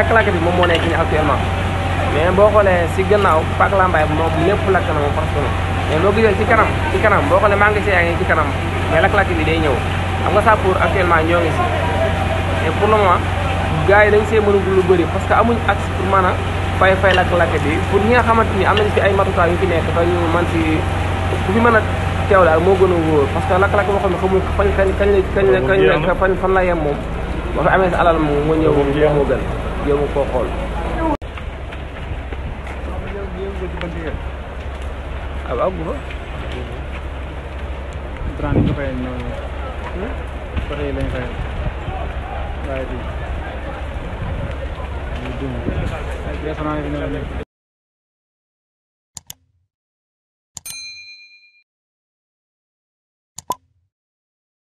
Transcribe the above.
nag lakk bi moom moo nekk nii actuellement mais boo xoolee si gannaaw Pàcc Lambaye moom lépp lakk na moom parce que mais boo gisee ci kanam boo xoolee maa ngi see ci kanam mais lakk-lakk bi day ñëw xam nga sapeurs actuellement ñoo ngi si et pour le moment gars yi dañ see mënagul lu bëri parce que amuñ accès pour mën a fay fay lakk-lakk bi pour ñi nga xamante ni am nañ fi ay matutaal yu fi nekk dañu man si ku fi mën a teew daal moo gën a wóor parce que lakk-lakk boo xam ne xamul kañ kañ kañ la kañ la fan la yem moom ba fa amee sa alal moom mu ñëw moom moo gën jéem koo xool. ah lañ fayal. waaye